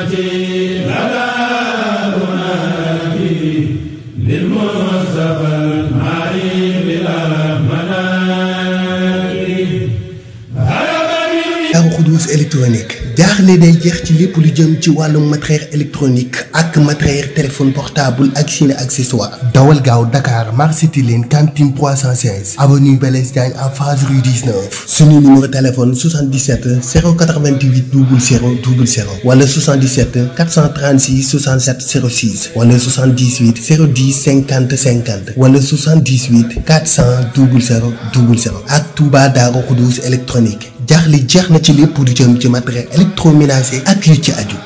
الرحيم douze électronique jaaxle day jeex pour le lu jëm matériel électronique ak matériel téléphone portable action accessoire dawal Dakar marseille cantine 316 avenue Blaise en face rue 19 Ce numéro téléphone 77 088 00 00 le 77 436 67 06 wala 78 010 50 50 wala 78 400 00 00 ak Touba Darou 12 électronique jaaxle jeex na ci lépp du jëm ci matériel électroménager ak yu ci aju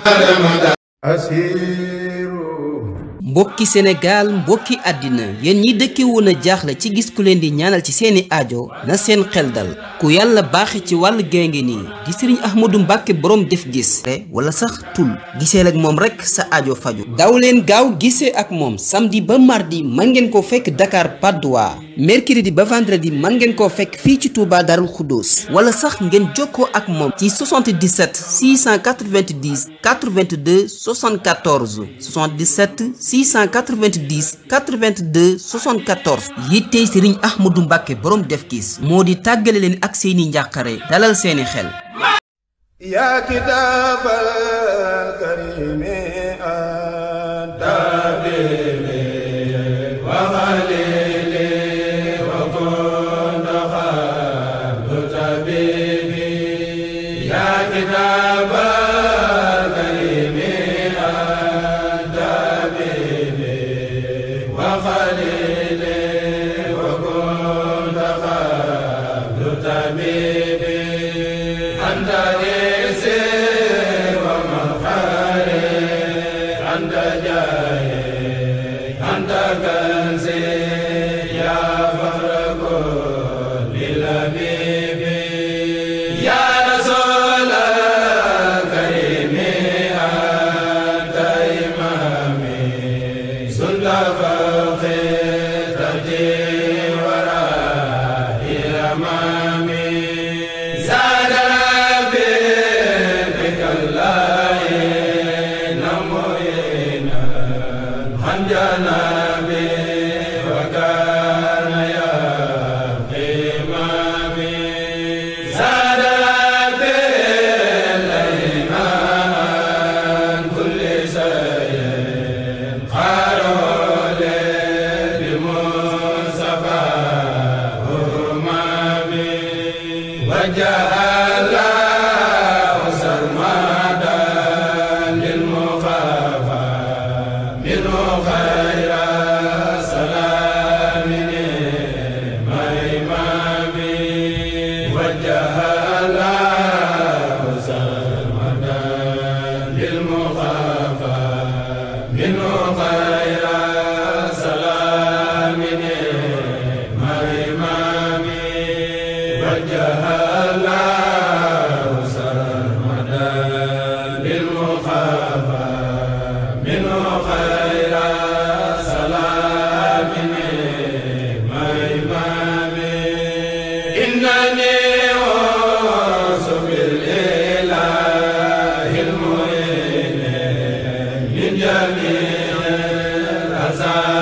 mbokki Sénégal mbokki àddina yéen ñi dëkke woon a jaaxle ci gis ku leen di ñaanal ci seeni ajo na seen xel dal ku yàlla baaxe ci wàllu génge nii di sëriñ Ahmadou Mbàkke boroom def gis wala sax tul gisee ak moom rek sa ajo faju daw leen gaaw gisee ak moom samedi ba mardi man ngeen ko fekk Dakar Padoa mercredi ba vendredi man ngeen ko fekk fii ci Touba Darul Khoudoss wala sax ngeen jokkoo ak moom ci 77 690 82 74 77 690 82 74 yittey sëriñ Ahmadou Mbacke borom def kiis moo di tàggale leen ak seeni njàqare dalal seeni xel yaa kitaabal karimi yaa kitaabal la wajala Gaza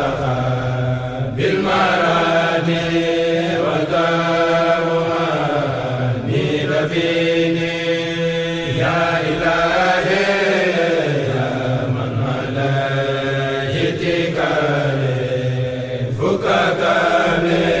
kadale